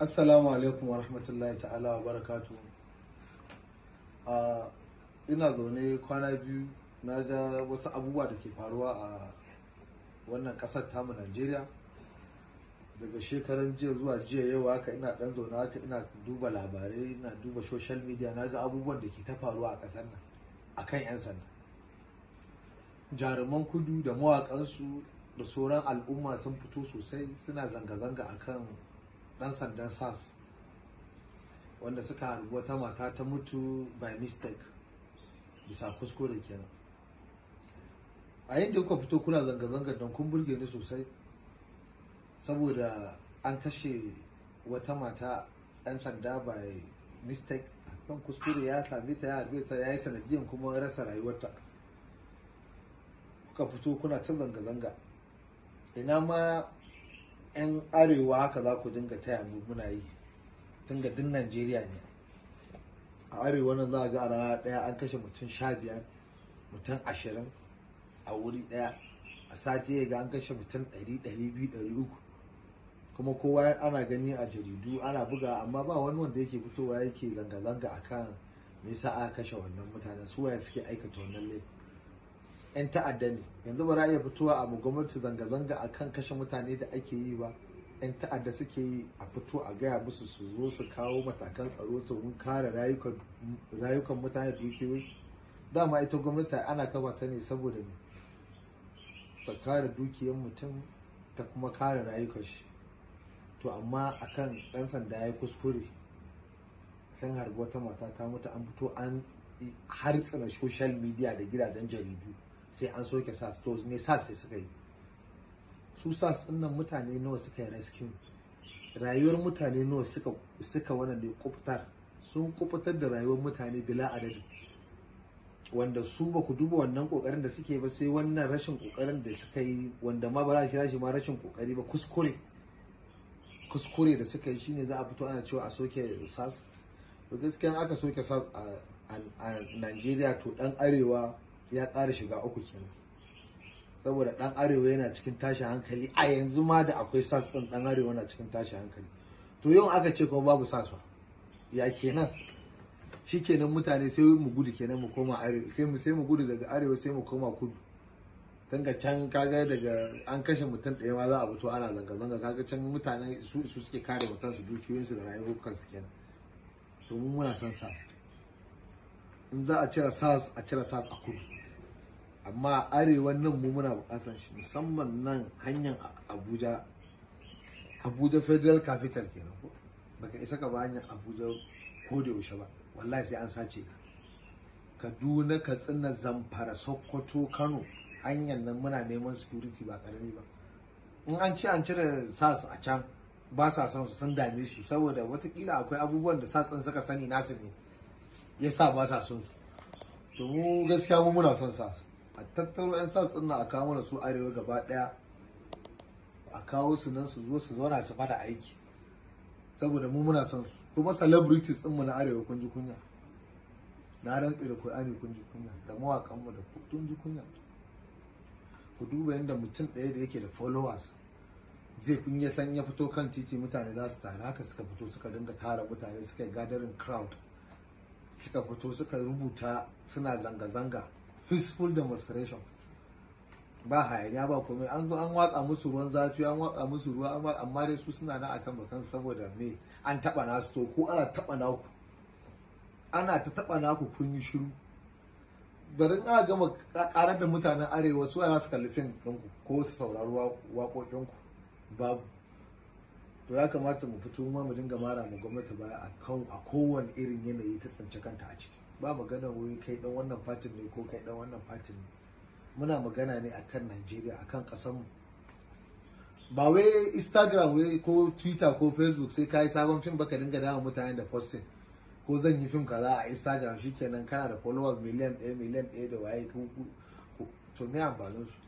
assalamu alaikum wa rahmatullahi ta'ala wa barakatu a ina zaune kwana biyu na ga wasu abubuwa da ke faruwa a wannan kasar tamu najeriya daga shekaran jiya zuwa jiya yau haka ina dan zaune haka ina duba labarai ina duba social media na ga abubuwan da ke ta faruwa a kasar nan a kan 'yan sanda jaruman kudu da mawakansu da sauran al'umma sun fito sosai suna zanga-zanga akan dan sandan sas wanda suka harbi wata mata ta mutu by mistake bisa kuskure kenan a yadda kuka fito kuna zanga-zangar don kun burge ni sosai saboda an kashe wata mata dan sanda by mistake don kuskure ya same ta ya harbe ta ya yi sanadiyan kuma rasa rayuwarta kuka fito kuna ta zanga-zanga ina ma 'yan arewa haka za ku dinga taya mu muna yi tun ga din najeriya ne a arewa nan za a ga a rana ɗaya an kashe mutum sha biyar mutum ashirin a wuri ɗaya a sati ya ga an kashe mutum ɗari ɗari biyu ɗari uku kuma kowa ana gani a jaridu ana buga amma ba wani wanda yake fitowa yake zanga-zanga akan me yasa aka kashe wannan mutanen su waye suke aikata wannan laifin 'yan ta'adda ne yanzu ba za a iya fitowa a gwamnati zanga-zanga a kan kashe mutane da ake yi ba 'yan ta'adda suke yi a fito a gaya musu su zo su kawo matakan tsaro su kare rayukan mutane da dukiyoyinsu dama ita gwamnati ana kafa ta ne saboda ne ta kare dukiyar mutum ta kuma kare rayukan shi to amma akan ɗan sanda ya yi kuskure sun harbi wata mata ta mutu an fito an har tsina social media da gidajen jaridu sai an soke sas to me sas sai suka yi su sas din nan mutane nawa suka yi rescue rayuwar mutane nawa suka suka wannan da kuftar sun kuftar da rayuwar mutane bila adadi wanda su ba ku duba wannan kokarin da suke ba sai wannan rashin kokarin da suka yi wanda ma ba za a kira shi ma rashin kokari ba kuskure kuskure da suka yi shine za a fito ana cewa a soke sas to gaskiya aka soke sas a Najeriya to dan arewa ya ƙara shiga uku kenan saboda ɗan arewa yana cikin tashi hankali a yanzu ma da akwai sas ɗin ɗan arewa na cikin tashi hankali to yau aka ce kuma babu sas ba ya kenan shi kenan mutane sai mu gudu kenan mu koma arewa sai mu sai mu gudu daga arewa sai mu koma kudu tanga can kaga daga an kashe mutum ɗaya ma za a fito ana zanga-zanga kaga can mutane su su suke kare kansu dukiyoyinsu da rayuwar kansu kenan domin muna son sas in za a cire sas a cira sas a kudu amma arewa nan mu muna bukatar shi musamman nan hanyar abuja abuja federal capital kenan ko baka isa ka ba hanyar abuja ko da yaushe ba wallahi sai an sace ka kaduna katsina zamfara sokoto kano hanyar nan muna neman security ba karami ba in an ci an cire sas a can ba sa son su sun dame su saboda watakila akwai abubuwan da din suka sani nasu ne ya sa ba sa son su to mu gaskiya mu muna son sas a tattaro 'yan sa tsinna a kawo su arewa gaba daya a kawo su nan su zo su zauna su mana aiki saboda mu muna son su kuma celebrities din mu na arewa kun ji kunya na rantsi da kur'ani kun ji kunya da mawakan mu da kun ji kunya ku duba yadda mutum ɗaya da yake da followers zai kun ya san ya fito kan titi mutane za su tare haka suka fito suka dinga tara mutane suka yi gadarin crowd suka fito suka rubuta suna zanga-zanga peaceful demonstration ba hayaniya ba komai an zo an watsa musu ruwan zafi an watsa musu ruwa amma dai su suna nan akan bakan saboda me an taba nasu to ko ana taba naku ana ta taba naku kun yi shiru bari na gama karar da mutanen arewa su ana su kalli fim ɗinku ko su saurari waƙoƙinku babu to ya kamata mu fito mu dinga mara mu gwamnati baya a kowane irin yanayi ta tsance kanta a ciki ba magana wuri kai dan wannan fatin ne ko kai dan wannan fatin ne muna magana ne akan Najeriya akan kasar mu ba wai Instagram wai ko Twitter ko Facebook sai ka yi sabon fim baka dinga dama mutane da posting ko zan yi fim kaza a Instagram shikenan kana da followers miliyan 1 miliyan 1 da waye ku to me amfanin su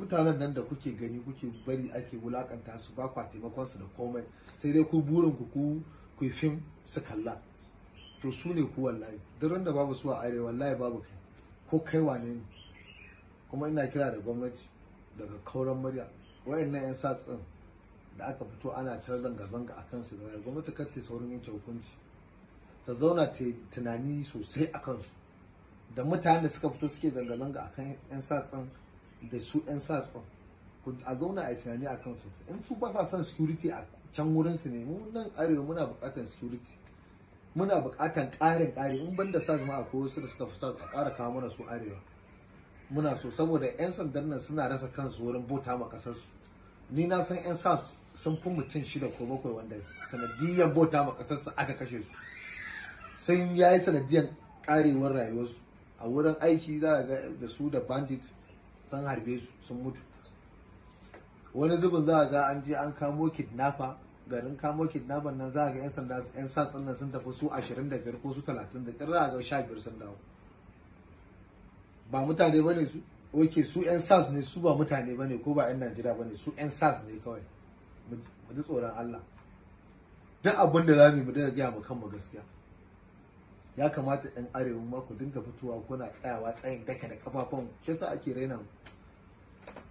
mutanen nan da kuke gani kuke bari ake wulakanta su ba kwa taimakon su da komai sai dai ku burin ku ku fim su kalla to su ne ku wallahi duk da babu su a arewa wallahi babu kai ko kai wane ne kuma ina kira da gwamnati daga kauran murya wayannan yan satsin da aka fito ana ta zanga-zanga a kansu da gwamnati kar ta saurin yanke hukunci ta zauna ta tunani sosai a kansu da mutanen da suka fito suke zanga-zanga a kan yan da su yan a zauna a tunani a kansu in su ba sa son security a can wurinsu ne mu nan arewa muna buƙatar security muna bukatan karin ƙari in banda sas ma akwai wasu da suka fi sas a ƙara kawo mana su arewa muna so saboda 'yan sandan nan suna rasa kansu wurin bota ma ƙasarsu ni na san 'yan sas sun fi mutum shida ko bakwai wanda sanadiyyan bota ma su aka kashe su sun yayi karewar ƙarewar rayuwarsu a wurin aiki za a ga da su da bandit sun harbe su sun mutu wani zubin za a ga an je an kamo kidnapper garin kamo kidnapping nan za ga 'yan sanda 'yan satsan nan sun tafi su 25 ko su 30 da kar za ga 15 sun dawo ba mutane bane su oke su 'yan sas ne su ba mutane bane ko ba 'yan najeriya bane su 'yan sas ne kawai mu ji tsoron allah duk abin da za mu mu daga gaya mu kanmu gaskiya ya kamata 'yan arewa ma ku dinga fitowa kuna tsayawa tsayin daka da kafafan shi yasa ake raina mu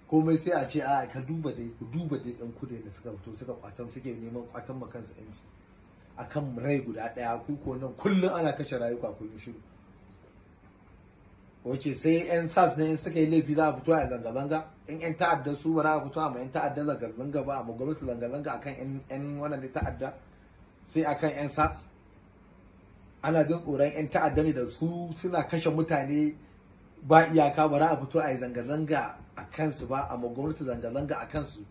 komai sai a ce a ka duba dai ku duba dai ɗan kudai da suka fito suka kwatan suke neman kwatan ma kansu yanci akan rai guda daya ku ko nan kullun ana kashe rayuka kun yi shiru wace sai yan sas ne in suka yi laifi za a fito a zanga-zanga in yan ta'adda su ba za a fito a ma yan ta'adda zanga-zanga ba a ma zanga-zanga akan yan wannan ne ta'adda sai akan yan sas ana jin tsoron yan ta'adda ne da su suna kashe mutane ba iyaka ba za a fito a yi zanga-zanga a kansu ba a gwamnati zanga-zanga a kansu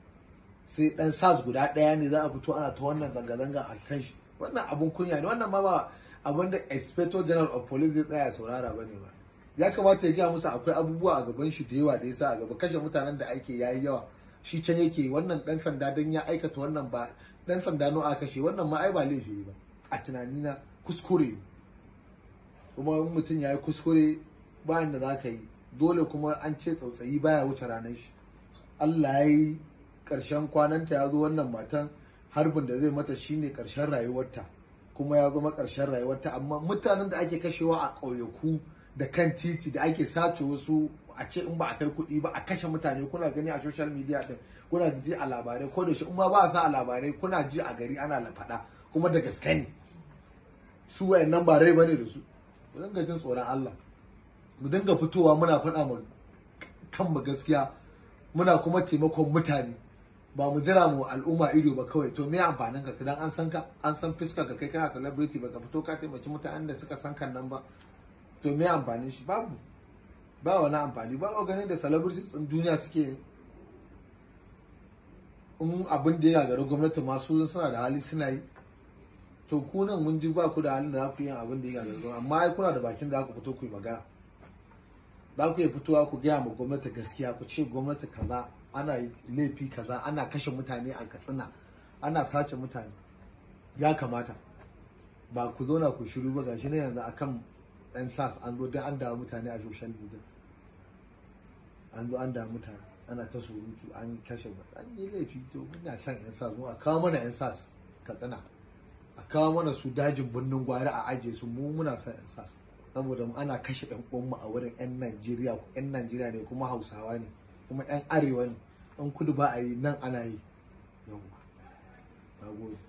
sai dan sas guda daya ne za a fito ana ta wannan zanga-zanga a kan wannan abun kunya ne wannan ma ba abin da inspector general of police zai tsaya saurara ba ne ba ya kamata ya gaya musu akwai abubuwa a gaban shi da yawa da ya a gaba kashe mutanen da ake yayi yawa shi can yake wannan dan sanda dan ya aikata wannan ba dan sanda no a kashe wannan ma ai ba laifi ba a tunanina kuskure kuma mutum ya yi kuskure bayan da za ka yi dole kuma an ce tsautsayi baya wuce ranar shi allah ya yi ƙarshen kwananta ya zo wannan matan harbin da zai mata shine ƙarshen rayuwarta kuma ya zama ƙarshen rayuwarta amma mutanen da ake kashewa a ƙauyaku da kan titi da ake sace wasu a ce in ba a kai kuɗi ba a kashe mutane kuna gani a social media din kuna ji a labarai ko da shi in ma ba a sa a labarai kuna ji a gari ana lafaɗa, kuma da gaske ne su wayannan ba rai bane da su Ba dinga jin tsoron Allah mu dinga fitowa muna faɗa mu kanmu gaskiya muna kuma taimakon mutane ba mu jira mu al'umma ido ba kawai to me amfanin ka kidan an san ka an san fiskar ka kai kana celebrity ka fito ka taimaki mutanen da suka san kan nan ba to me amfanin shi babu ba wani amfani ba ganin da celebrities din duniya suke in abin da ya gagaru gwamnati masu suna da hali suna yi to ku nan mun ji ba ku da halin da za ku yi abin da ya gagaru amma ai kuna da bakin da za ku fito ku yi magana za ku iya fitowa ku gaya ma gwamnati gaskiya ku ce gwamnati kaza ana laifi kaza ana kashe mutane a katsina ana sace mutane ya kamata ba ku zauna ku shiru ba gashi na yanzu akan yan sas an zo dai an dawo mutane a social media an zo an dawo mutane ana ta surutu an kashe ba an yi laifi to muna son yan sas mu a kawo mana yan sas katsina a kawo mana su dajin birnin gwari a ajiye su mu muna son yan sas saboda ana kashe yan mu a wurin yan Najeriya yan Najeriya ne kuma Hausawa ne kuma yan Arewa ne yan kudu ba a yi nan ana yi yawwa